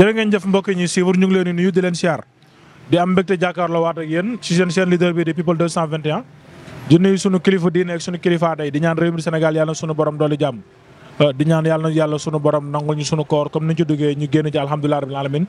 jërë ngeen jëf mbokk yi ñuy suivre ñu ngi leen di nuyu di leen siyaar di am mbégte jàkkaarloo waat ak yéen ci seen seen leader bi di people di nuyu sunu kilifa diine ak sunu kilifa aday di ñaan réew mi Sénégal yàlla sunu borom doole jàmm euh, di ñaan yàlla na yàlla sunu borom nangul ñu sunu koor comme ni ñu ci duggee ñu génn ci alhamdulilah rabbil alamin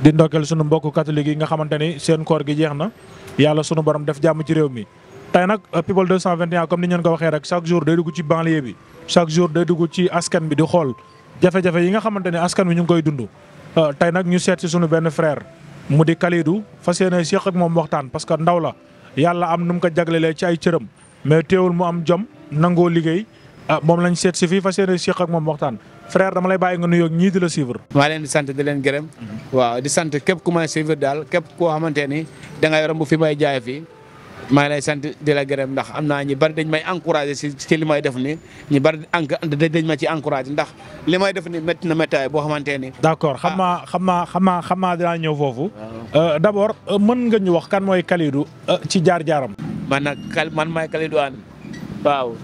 di ndokkeel sunu mbokku catholique yi nga xamante ni seen koor gi jeex na yàlla sunu borom def jàmm ci réew mi. tey nag euh, people 221 comme ni ñu leen waxee rek chaque jour day dugg ci banlieue bi chaque jour day dugg ci askan di xool jafe yi nga xamante ne askan wi ñu ngi koy dund Euh, tey nag ñu seet sunu benn frère mu di Kalidou fas yéene seq ak moom waxtaan parce que ndaw la yàlla am nu mu ko jaglelee ci ay cëram mais teewul mu am jom nangoo liggéey ah, moom lañ seet si fii fas yéene seq ak moom waxtaan frère dama lay bàyyi nga nuyoog ñii di la suivre. maa leen di sant di leen gërëm. Mhm. waaw di sant képp ku may suivre daal képp koo xamante ni da bu fi may jaay fii. maa lay sant di la gërëm ndax am naa ñi bari dañ may encouragé si ci li may def ni ñu bari dañ ma ci encouragé ndax li may def ni métti na méttaay boo xamante ni. d' accord xam ah. xam naa xam xam naa dinaa ñëw foofu. Euh, d' abord euh, mën nga ñu wax kan mooy Kalidou euh, ci jaar-jaaram. man nag kal man maay Kalidou Hann waaw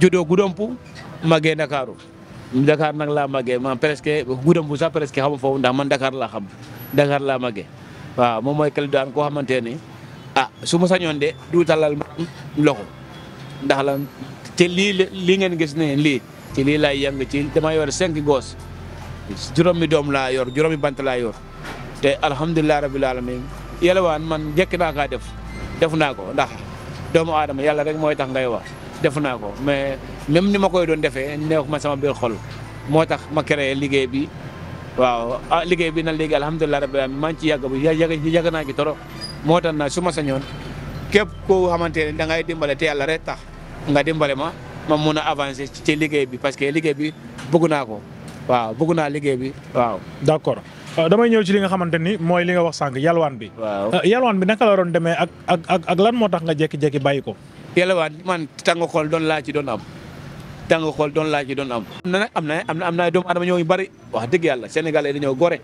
juddoo Goudomp màggee Ndakaaru Dakar nag laa màggee man presque Goudomp sax presque xamu foofu ndax man Dakar laa xam Dakar laa màggee waaw moom mooy Kalidou Hann koo xamante ni. su ma sañoon de duutalal ma loxo ndax la te lii lii ngeen gis ne lii ci lii laay yëng ci dama yor cinq gos juróomi doom laa yor juróomi bant laa yor te alhamdulilah rabbil alamin waan man njëkk naa kaa def def naa ko ndax doomu aadama yàlla rek mooy tax ngay wax def naa ko mais même ni ma koy doon defee neex ma sama biir xol moo tax ma créé liggéey bi waaw ah liggéey bi na léegi alhamdulilah rabbil alamin maa ngi ci yàgg bu yàgg naa ci torop moo tax na su ma sañoon képp koo xamante ne da dimbale te yàlla rek tax nga dimbale ma ma mun a avancer ci liggéey bi parce que liggéey bi bëgg naa ko waaw bëgg naa liggéey bi waaw. d'accord euh, damay ñëw ci li nga xamante ni mooy li nga wax sànq yalwaan bi. waaw euh, yalwaan bi naka la demee ak ak ak lan moo tax nga jékki-jékki bàyyi ko. yalwaan man tàng xool doon laa ci doon am. tàng xool doon laa ci doon am. am na nag am na am na am na doomu aadama ñëw ñu bari wax dëgg yàlla sénégalais ñëw gore.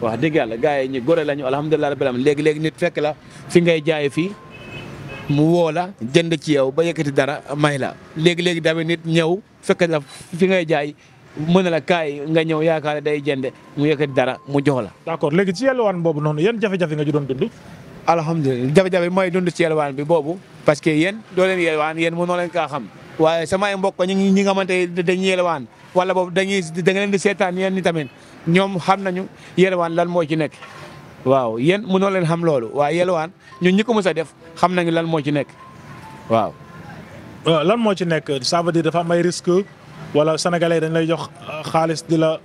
wax dëgg yàlla gars yi ñu gore lañu alhamdulilah rabbil alamin léegi léegi nit fekk la fi ngay jaay fii mu woo la jënd ci yow ba yëkkati dara may la léegi léegi tamit nit ñëw fekk la fi ngay jaay mën na la kaay nga ñëw yaakaar day jënde mu yëkkati dara mu jox la. d'accord léegi ci yelwaan boobu noonu yan jafe-jafe nga ci doon dund. alhamdulilah jafe-jafe mooy dund ci yelwaan bi boobu parce que yéen doo leen yelwaan yéen mënoo leen kaa xam. waaye samay mbokk ñi ñi nga xamante dañuy yelwaan wala boobu da nga leen seetaan yéen ni tamit ñoom xam nañu yelwaan lan moo ci nekk waaw yéen mënoo leen xam loolu waaye yelwaan ñun ñi ko mës a def xam nañu lan moo ci nekk waaw. Euh, lan moo ci nekk ça veut dire dafa am ay risque wala dañ lay jox euh, xaalis di la.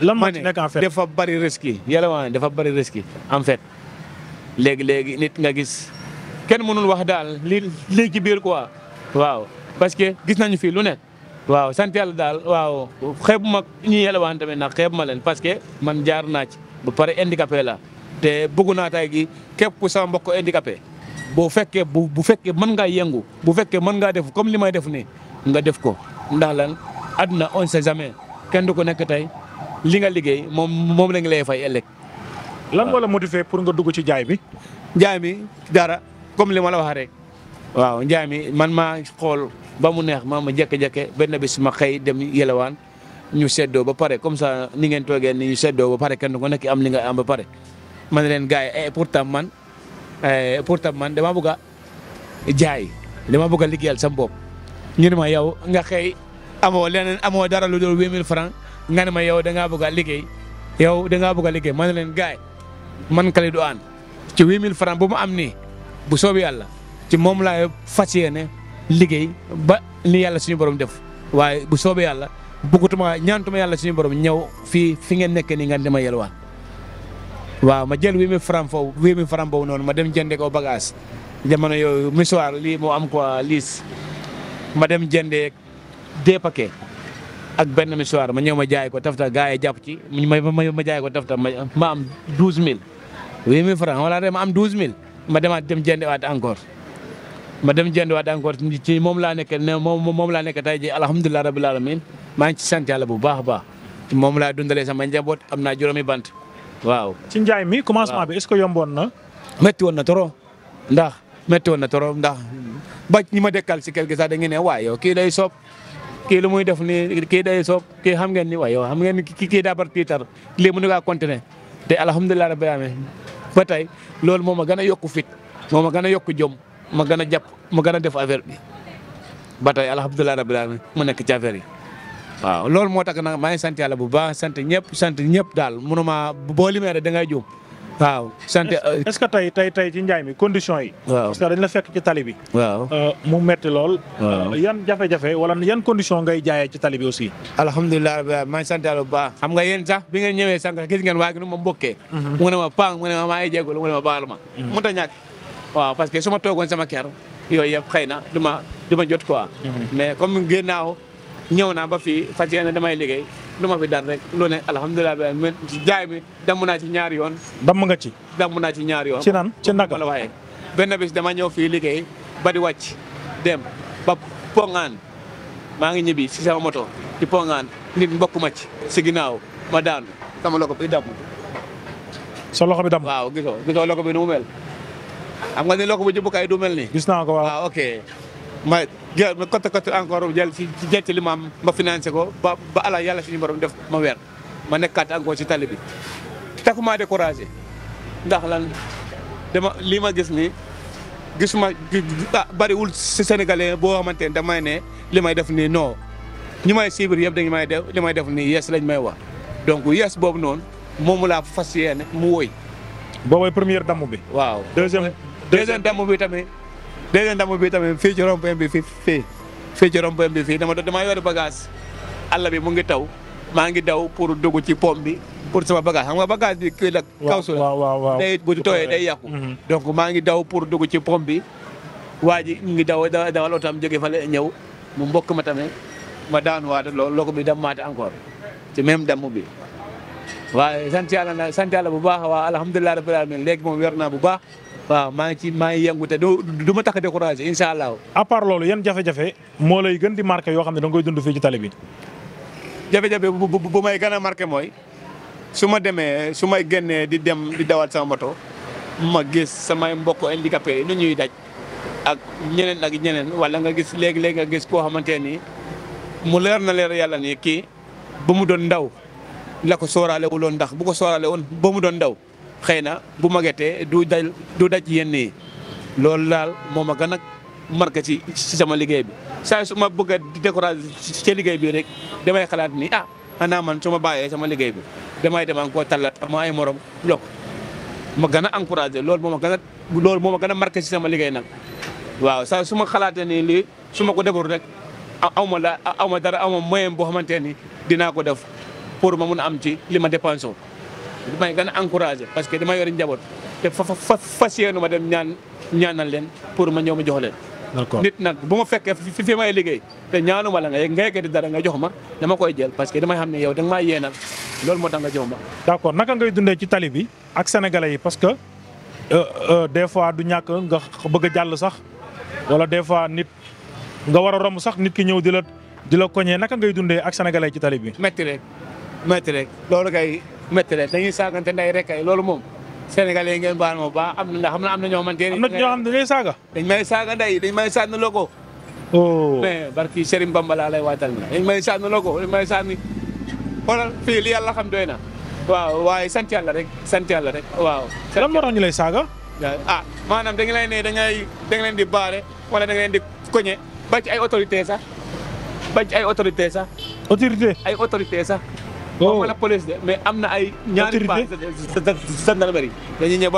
lan moo ci nekk en fait dafa bari risque yi yelwaan dafa bari risque yi en fait léegi léegi nit nga gis kenn mënul wax daal li li ci biir quoi waaw parce que gis nañu fii lu nekk. waaw sant yàlla daal waaw xeebu ma ñuy yelwaan tamit nag xeebu ma leen parce que man jaar naa ci ba pare handicapé la te bëgg naa tay gi képp ku sama mbokk handicapé boo fekkee bu bu fekkee man ngaa yëngu bu fekkee mën ngaa def comme li may def nii nga def ko ndax lan àdduna on sait jamais kenn du ko nekk tey li nga liggéey moom moom lañ lay fay ëllëg. lan moo la motivé pour nga dugg ci jaay bi. jaay mi dara comme li ma la wax rek waaw njaay mi man maa xool ba mu neex ma ma jekke-jekke benn bis ma xëy dem yelawaan ñu seddoo ba pare comme sa ni ngeen toogee ni ñu seddoo ba pare kenn ku nekk am li nga am ba pare man leen gars yi eh, pourtant man eh, pourtant man dama bëgg a jaay dama bëgg a liggéeyal sam bopp ñu ne ma yow nga xëy amoo leneen amoo dara lu dul 8000 francs nga ne ma yow da ngaa bëgg a liggéey yow da ngaa bëgg a liggéey man leen gaay man Kalidou Hann ci 8000 francs bu mu am nii bu soob yàlla ci moom laay fas yéene liggéey ba li yàlla suñu borom def waaye bu soobee yàlla bëggatuma ñaantuma yàlla suñu borom ñëw fii fi ngeen nekk nii nga dama yelwaan waaw ma jël wii mi faram foofu wii mi faram noonu ma dem jënde ko bagage jamono yooyu lii moo am quoi liis ma dem jëndee deux paquets ak benn misoir ma ñëw ma jaay ko tafta gaa yi jàpp ci ma ma jaay ko tafta ma am douze mille wii mi faram wala ma am douze mille ma demaat dem jëndewaat encore ma dem jëndiwaat encore ci moom laa nekk ne moom moom laa nekk tey jii alhamdulilah rabil alamin maa ngi ci sant yàlla bu baax a baax moom laa dundalee sama njaboot am naa juróomi bant waaw. ci njaay mi commencement bi est-ce que yomboon na. métti woon na trop ndax métti woon na trop ndax ba ñi ma dekkal si kër gi sax da ngeen ne waaye yow kii day soob kii lu muy def nii kii day soob kii xam ngeen ni waaye yow xam ngeen ni kii kii daa bar tiitar lii mënu ngaa continuer te alhamdulilah rabil alamin ba tey loolu moo ma gën a yokku fit moo ma gën a yokku jom ma gën a jàpp ma gën a def affaire bi ba tey alhamdulilah rabbil alamin mu nekk ci affaire yi waaw loolu moo tax na maa ngi bu baax sant ñëpp sant ñëpp daal mënuma boo limee da ngay juum waaw sant. est-ce euh, que tey ci njaay mi condition yi. waaw parce que ci tali bi. waaw euh, mu metti lool. Euh, yan jafe-jafe wala yan condition ngay jaayee ci tali bi aussi. alhamdulilah rabbil alamin maa ngi sant yàlla bu baax. xam nga yéen sax bi ngeen ñëwee sànq gis ngeen waa gi nu ma mbokkee. Mhm. mu ne ma pang mu ne ma maa ngi jégalu ne ma baal ma. Mhm. mu ta waaw parce que su ma toogoon sama kër yooyu yëpp xëy na du ma ma jot quoi. Mhm. mais comme ginnaaw ñëw naa ba fii fas ne damay liggéey lu ma fi daan rek lu ne alhamdulilah bi jaay mi damm naa ci ñaari yoon. damm nga ci. damm ci ñaari yoon. ci nan ci naka waaye. benn bis dama ñëw fii liggéey ba di wàcc dem ba pongaan maa ngi ñibbi si sama moto di pongaan nit mbokk ma ci si ginnaaw ma daanu sama loxo bi damm. sa loxo bi damm. waaw gisoo gisoo bi nu mu mel. xam nga ni loo ko bu jëbukaay du mel gis naa ko waaw ah, ok. ma jël ma côté côté encore jël ci jël ci li ma ma financé ko ba ba ala yàlla suñu borom def ma wer ma nekkaat encore ci tali bi. maa découragé ndax lan dama lii ma gis nii gisuma ah bariwul si sénégalais boo xamante ne damay ne li may def nii noo ñi may suivre yëpp dañu may def li may def nii yes lañ may wax donc yes boobu noonu moomu laa fas yéene mu woy. boobooy première damm bi. waaw deuxième damm bi tamit deuxième damm bi tamit fii ci rond-point bi fii fii fii ci rond-point bi fii dama dama yore bagage àll bi mu ngi taw maa ngi daw pour dugg ci pom bi pour sama bagage xam nga bagage bi kii la kawsu la day bu tooyee day yàqu mm-hmm. donc maa ngi daw pour dugg ci pom bi waa ji ngi daw dawal otam jóge fa la ñëw mu mbokk ma tamit ma daan waat loolu loko bi dem maate encore ci même damm bi waaye sant yàlla na sant yàlla bu baax waa alhamdulilah rabbil alamin léegi moom yor naa bu baax waaw maa ngi ci maa ngi yëngu te du ma tax a découragé incha allah. à part loolu yan jafe-jafe moo lay gën di marqué yoo xam ne da nga koy dund fii ci tali bi. jafe-jafe bu may gana a mooy su ma demee su may génnee di dem di dawal sama moto ma gis samay mbokk handicapé yi nu ñuy daj ak ñeneen ak ñeneen wala nga gis léegi-léegi nga gis koo xamante ni mu leer na leer yàlla ni kii ba mu doon ndaw la ko sóoraale wuloon ndax bu ko sóoraale woon ba mu doon ndaw. xëy na bu magatee du daj du daj yenn yi loolu laal moo ma gën a marqué ci ci sama liggéey bi saa su ma bëgg a découragé liggéey bi rek damay xalaat nii ah xanaa man su ma bàyyee sama liggéey bi damay dem encore tallat ma ay morom lokk ma gën a encouragé loolu moo ma gën a loolu moo ma a marqué ci sama liggéey nag waaw saa su ma xalaatee nii lii su ma ko deful rek aw ma la aw dara aw ma boo xamante ni dinaa ko def pour ma mun a am ci li ma dépensé damay gën a encouragé parce que dama yore njaboot te fa fa fas yéenu ma dem ñaan ñaanal leen pour ma ñëw ma jox leen. d'accord nit nag bu ma fekkee fi fi may liggéey te ñaanu ma la nga nga yeggati dara nga jox ma dama koy jël parce que damay xam ne yow danga maa yéenal loolu moo tax nga jox ma. d'accord naka ngay dundee ci tali bi ak sénégalais yi parce que euh, euh, des fois du ñàkk nga bëgg a jàll sax wala des fois nit nga war a romb sax nit ki ñëw di la di la koñee naka ngay dundee ak sénégalais ci tali bi. métti rek métti rek loolu kay métti la dañuy saagante nday rek ay loolu moom sénégalais yi ngeen baal ma baax am na xam na am na ñoo xamante ne. am na ñoo xam ne dañuy saaga. dañ may saaga nday dañ may sànni logo. oh mais barki Serigne lay waatal na dañ may sànni may sànni xoolal fii li yàlla xam doy na. waaw waaye sant la rek sant yàlla rek waaw. lan moo tax ñu lay saaga. ah maanaam da la leen ne da ngay da nga leen di baare wala da nga leen di koñe ba ci sax ba ay autorité sax. autorité ay autorité sax. boo oh. la police de mais am na ay. ñaari ba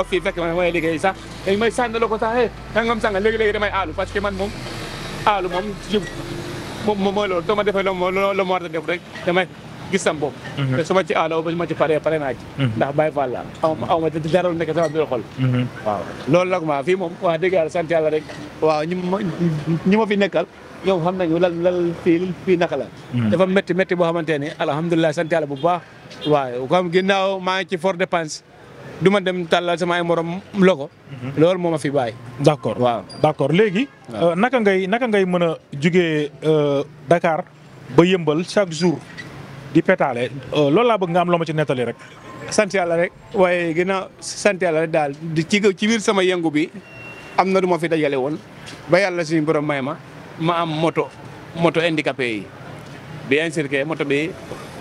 fii fekk man mooy liggéey sax dañ may sànni la ko sax eh sangam sangam léegi-léegi damay aalu parce que man moom aalu moom ji moom mooy loolu soo ma defee loolu la ma war a def rek damay gis sam bopp. Mhm. te su ma ci aaloo ba ma ci paree pare naa ci. Mhm. ndax bàyyi fa la aw ma aw ma dara lu nekk sama biir xol. Mhm. waaw loolu nag moom wax dëgg yàlla rek waaw ñi ma ñi nekkal. ñoom xam nañu lan lan fii fii naka la. Hmm. dafa métti métti boo xamante ne alhamdulilah sant yàlla bu baax. waaw comme ginnaaw maa ngi ci fort dépense du ma dem tàllal sama ay morom logo. Hmm. loolu moo ma fi baay d' accord waaw d' accord léegi. Euh, naka ngay naka ngay mën a jugee euh, Dakar ba yëmbal chaque jour di pétale euh, loolu laa bëgg nga am loo ma ci nettali rek. sant yàlla rek waaye ginnaaw sant daal di ci ci biir sama yëngu bi am na du ma fi dajale woon ba yàlla suñu borom may ma. ma am moto moto handicapé yi bien sûr moto bi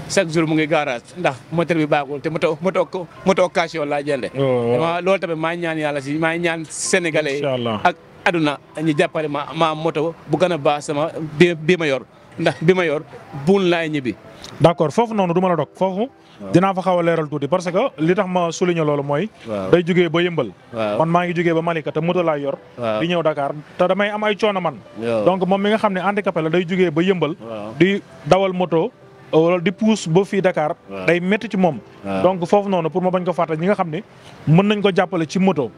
chaque jour mu ngi garage ndax moteur bi baaxul te moto moto moto occasion laa jëndee. waaw oh, oh. tamit maa ñaan yàlla si maa ñaan sénégalais. ak aduna ñu jàppale ma am moto bu gën a baax sama bi mayor ndax bi mayor yor laa laay ñibbi. d' accord foofu noonu du ma la dog foofu. dinaa fa xaw a leeral tuuti parce que li tax ma souligner loolu mooy. day jugee ba yëmbal. man maa ngi jugee ba Malika te moto laa yor. di ñëw Dakar te damay am ay coono man. donc moom mi nga xam ne handicapé la day jugee ba yëmbal. di dawal moto. wala euh, di puus ba fii Dakar. day métti moom. donc foofu noonu pour ma bañ ko fàttali ñi nga xam ne mën nañ ko jàppale ci moto.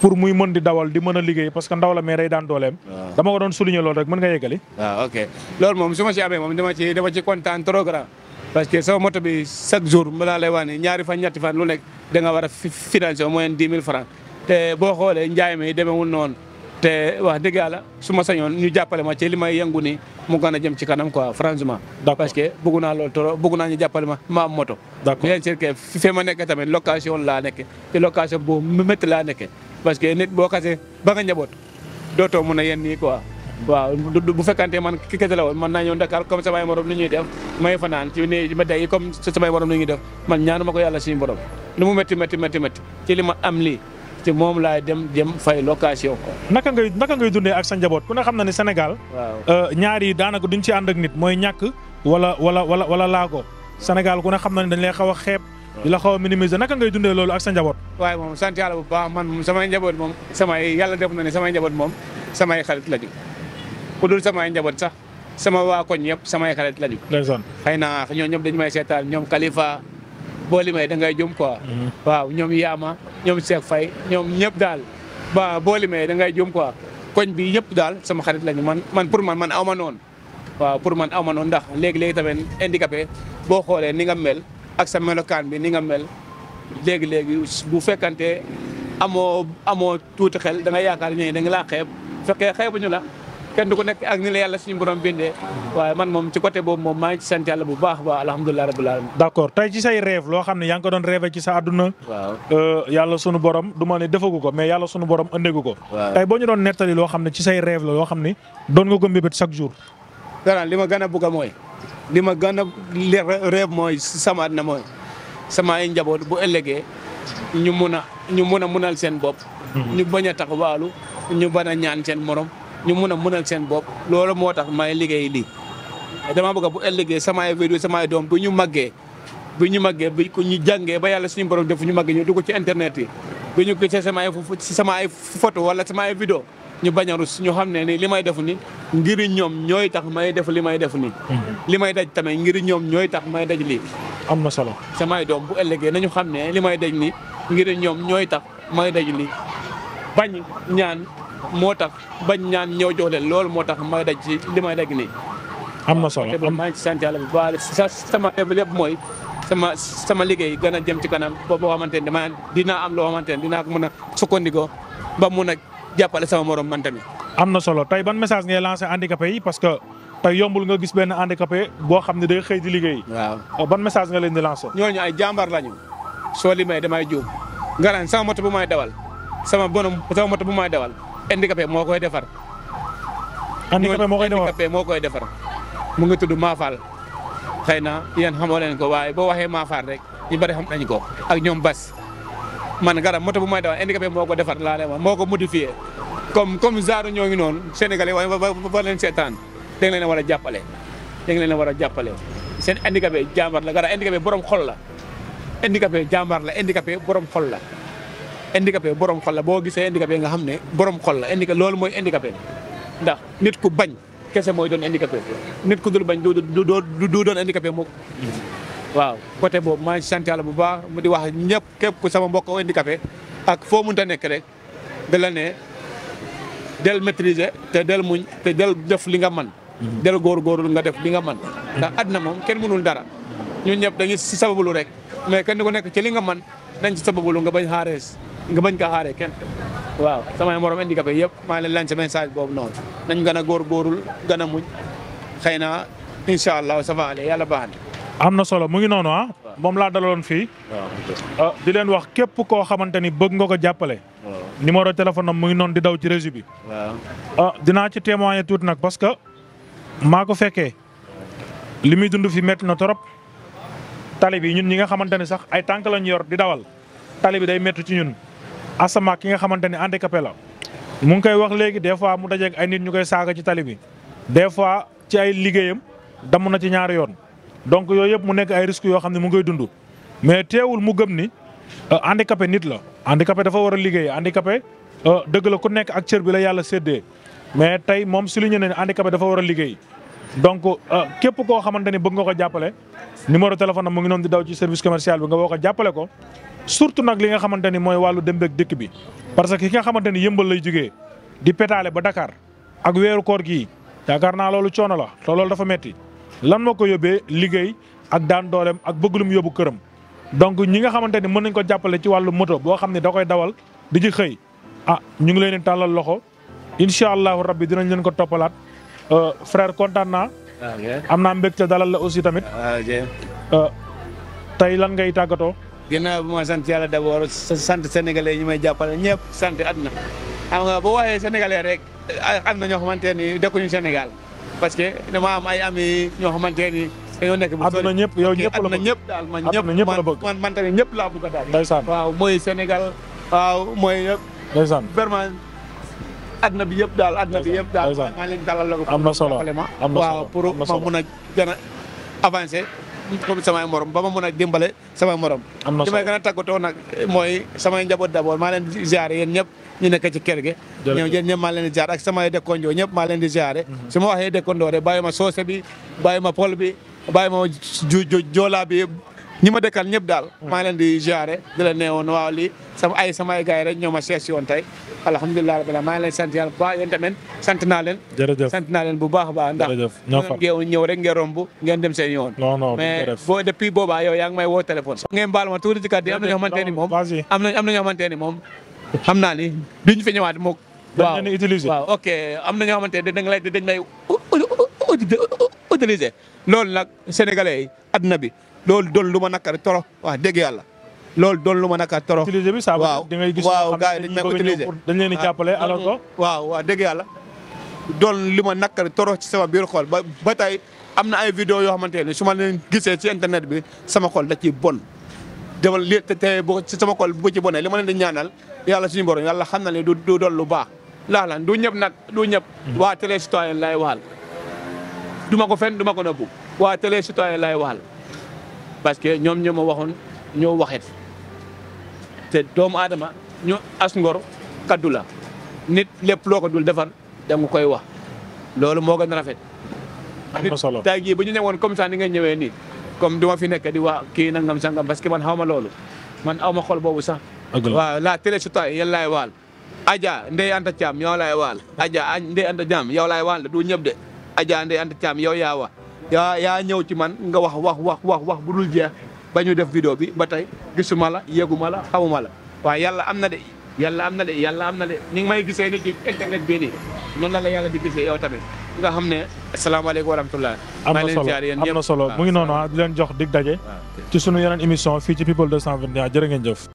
pour muy mën di dawal di mën a liggéey parce que ndaw la mais day daan dooleem. dama ko doon souligner lool rek mën nga yeggali. waaw ah, loolu moom su ma ci amee moom dama ci dama ci kontaan trop grand. parce que sama moto bi chaque jour mu laa lay wax ne ñaari fan ñetti fan lu nekk da nga war a financer au moins dix mille francs te boo xoolee njaay mi demeewul noonu. te wax dëgg yàlla su ma sañoon ñu jàppale ma ci li may yëngu nii mu gën a jëm ci kanam quoi franchement. parce que bëgg naa loolu trop bëgg naa ñu jàppale ma ma am moto. d'accord bien sûr que fi ma nekk tamit location laa nekk te location boobu métti laa nekk parce que boo xasee ba nga njaboot dootoo mun a yenn nii quoi. waaw bu fekkante man ki kese la woon man naa ñëw Dakar comme samay morom ni ñuy def man ñaanu ma ko yàlla suñu borom lu mu métti métti métti métti ma am lii ci moom laay dem dem fay location. naka ngay naka ngay dundee ak sa njaboot ku ne xam na ne Sénégal. Euh, ñaar yi daanaka duñ ci ànd ak nit mooy ñakk wala wala wala wala laago Sénégal ku ne xam na ne dañ lay xaw a xeeb. di la xaw a minimiser naka ngay dundee loolu ak sa njaboot. waaye moom sant yàlla man moom samay njaboot moom samay yàlla def na ne samay njaboot moom samay xarit lañu ku dul samay njaboot sax sama waa koñ yëpp samay xarit lañu. ndeysaan xëy na ñoo ñëpp dañu may seetaan ñoom Khalifa boo limee da ngay jum quoi. Mhm. waaw ñoom Yaama ñoom Cheikh fay ñoom ñëpp daal ba boo limee da ngay jum quoi koñ bi ñëpp daal sama xarit lañu man man pour man man aw waaw pour man aw ma noonu ndax léegi-léegi tamit handicapé boo xoolee ni nga mel ak sa melokaan bi ni nga mel léegi-léegi bu fekkante amoo amoo tuuti xel da nga yaakaar ne da nga laa xeeb fekkee ñu la. kenn ku nekk ak ni la yàlla suñu borom bindee waaye man moom ci côté boobu moom maa ngi yàlla bu baax ba alhamdulilah rabbil alamin d'accord tey ci say rêve loo xam ne yaa ngi ko doon rêve ci euh, yàlla sunu borom du ma ne defagu ko mais yàlla sunu borom ëndegu ko tey boo ñu doon nettali loo xam ne ci say rêve la loo xam ne doon nga ko mbébét chaque jour dara li ma gën a bëgg mooy li ma gën a rêve mooy sama àdduna mooy sama ay njaboot bu ëllëgee ñu mun a ñu mun a munal seen bopp mm-hmm. a ñu bañ a ñaan seen ñu mun a mënal seen bopp loolu moo tax may liggéey li dama bëgg bu ëllëgee samay vidéo samay doom bu ñu màggee bu ñu màggee bu ku ñu jàngee ba yàlla suñu borom def ñu màggee ñu dugg ci internet yi bu ñu gisee sama ay sama ay photo wala sama ay vidéo ñu bañ a rus ñu xam ne ni li may def ni ngir ñoom ñooy tax may def li may def ni hmm. li may daj tamit ngir ñoom ñooy tax may daj lii am na solo samay doom bu ëllëgee nañu xam ne li may daj ni ngir ñoom ñooy tax may daj lii bañ ñaan moo tax bañ ñaan ñëw jox leen loolu moo tax may daj ci li may daj nii. am na solo am maa ngi ci sant yàlla bu sama lépp mooy sama sama liggéey gën a jëm ci kanam ba boo xamante ne dama dinaa am loo dinaa ko mën a sukkandikoo ba mun a jàppale sama morom man tamit. am na solo tey ban message ngay lancé handicapé parce que tey yombul nga gis benn handicapé boo xam ne day xëy di liggéey. waaw oh, ban message nga leen di lancé. ñooñu ay jàmbaar lañu soo limee damay juum. nga sama moto bu may dawal sama bonam sama moto bu may dawal. handicapé moo koy defar. handicapé moo koy defar moo koy defar. mu ngi tudd Mafal xëy na yéen xamoo leen ko waaye boo waxee Mafal rek ñu bari xam nañ ko ak ñoom Bas man garab moto bu may dawal handicapé moo ko defar laa moo ko modifié. comme comme Zaaru ñoo ngi noonu Sénégalais waaye ba leen seetaan da leen a war a jàppale da leen a war a jàppale seen handicapé jàmbar la garab handicapé borom xol la handicapé jàmbar la handicapé borom xol la. handicapé borom xol boo gisee handicapé nga xam ne borom xol la handicapé loolu mooy handicapé ndax nit ku bañ kese mooy doon handicapé nit ku dul bañ du du doon handicapé moom. waaw côté boobu maa ngi sant bu baax mu di wax ñëpp képp ku sama mbokk handicapé ak foo mënta nekk rek da ne del maîtriser te del muñ te del def li nga man del góorgóorlu nga def li nga man ndax àddina moom kenn mënul dara ñun ñëpp dañuy si sababulu rek mais kenn ku nekk ci li nga man dañ ci sababulu nga bañ xaarees nga bañ ko xaaree kenn waaw samay morom handicapé yëpp maa ngi leen lancé message boobu noonu nañ gën a góorgóorlu gën a muñ xëy na incha allah ça va aller yàlla baax am na solo mu ngi noonu ah. moom laa daloon fii. Ah, di leen wax képp koo xamante ni bëgg nga ko jàppale. numéro téléphone am mu ngi noonu di daw ci réseau bi. a ah, dinaa ci témoigner tuuti nag parce que maa ko fekkee li muy dund fi métti na trop. tali bi ñun ñi nga xamante ne sax ay tànk di dawal tali bi day métti ci ñun. asama ki nga xamante ne handicapé la mu ngi koy wax léegi des fois mu dajeeg ay nit ñu koy saaga ci tali bi des fois ci ay liggéeyam damm na ci ñaari yoon donc yooyu yëpp mu nekk ay risques yoo xam ne mu ngi koy dund mais teewul mu gëm ni euh, handicapé nit la handicapé dafa war a liggéey handicapé euh, dëgg la ku nekk ak cër bi la yàlla séddee mais tey moom souligné na ne handicapé dafa war a liggéey donc euh, képp koo xamante ni bëgg nga ko jàppale numéro téléphone am mu ngi noonu di daw ci service commercial bi nga woo ko jàppale ko surtout nag li nga xamante ni mooy wàllu dem beeg dikk bi. parce que ki nga xamante ni yëmbal lay jógee di pétale ba Dakar ak weeru koor gii yaakaar naa loolu coono la te loolu dafa metti lan moo ko yóbbee liggéey ak daan dooleem ak bëgg lu mu yóbbu këram. donc ñi nga xamante ni mën nañ ko jàppale ci wàllu moto boo xam ne da koy dawal di ci xëy ah ñu ngi leen tàllal loxo incha allahu rabbi dinañ leen ko toppalaat. Euh, frère kontaan naa. Ah, am naa mbégte dalal la aussi tamit. Ah, euh, tey lan ngay tàggatoo. ginnaaw bi ma sant yàlla d'abord sant sénégalais ñi may jàppale ñëpp sant àdduna xam nga boo waxee sénégalais rek am na ñoo xamante ni dëkkuñu Sénégal parce que dama am ay ami ñoo xamante ni dañoo nekk. àdduna ñëpp yow ñëpp la ñëpp daal man ñëpp man man tamit ñëpp laa bëgg daal. ndeysaan waaw mooy Sénégal waaw mooy yëpp. ndeysaan àdduna bi yëpp daal àdduna bi yëpp daal maa leen dalal la ko am na solo waaw pour ma mun a gën a avancé comme samay morom ba ma mun a dimbale samay morom li may gën a tàggatoo nag mooy samay njaboot d'abord maa leen di ziare yéen ñëpp ñu nekk ci kër gi ñoom yéen ñëpp maa leen di ziare ak samay dëkkandoo ñëpp maa leen di ziare mhm. su ma waxee dëkkandoo rek bàyyi ma soose bi bàyyi ma pol bi bàyyi ma joolaa ñi ma dëkkal ñëpp daal maa ngi leen di jaare di la neewoon waaw lii sama ay sama ay gars ma sees yoon tey alhamdulilah rabbil maa ngi leen sant yàlla bu baax tamit sant naa leen jërëjëf sant naa leen bu baax a baax ndax ngeen ñëw rek ngeen romb ngeen dem seen yoon non non mais boo depuis boobaa yow yaa ngi may woo téléphone ngeen baal ma tuuti ci kàddu am na ñoo xamante ni moom am na am na ñoo xamante ni moom xam naa ni duñ fi ñëwaat moom waaw waaw ok am na ñoo xamante ne dañ lay dañ lay utiliser loolu nag sénégalais yi bi loolu doon lu ma nakari toro waaw dégg yàlla loolu doon lu ma nakari toro. utilisé bi waaw da ngay gis waaw gars yi dañ may utilisé dañ leen di ah. jàppale alors que. waaw waaw dégg yàlla doon li ma nakari toro ci sama biir xol ba ba tey am na ay vidéo yoo xamante ne su ma leen gisee ci internet bi sama xol da ciy bon. demal li te boo ci sama xol bu ci bonee li ma leen ñaanal yàlla suñu borom yàlla xam na ne du du doon lu baax laalaan du ñëpp nag du ñëpp. Hmm. waa télé citoyen laay waxal. du ma ko fen du ma ko nëbbu waa télé citoyen laay waxal. parce que ñoom a ma waxoon ñoo waxet te doomu aadama ñu as ngor kaddu la nit lépp loo ko dul defar da nga koy wax loolu moo gën rafet. am na solo tey jii bu ñu newoon comme ça ni nga ñëwee nii comme du ma fi nekke di wax kii nangam sangam parce que man xaw ma loolu man aw ma xol boobu sax. waaw la télé su taay laay waal. Adja Ndeye Anta Thiam yow laay waal Adja Ndeye Anta Thiam yow laay waal du ñëpp de Adja Ndeye Anta Thiam yow yaa wa yaa yaa ñëw ci man nga wax wax wax wax wax bu dul jeex ba ñu def vidéo bi ba tey gisuma la yeguma la xamuma la waaye yàlla am na de yàlla am na de am na de ni nga may gisee ni ci internet bii nii la la yàlla di gisee yow tamit nga xam ne asalaamaaleykum wa rahmatulah. am na solo am na solo mu ngi noonu ah di leen jox dig daje. Ah, ci sunu yeneen émission fii ci people 221 jërë ngeen jëf.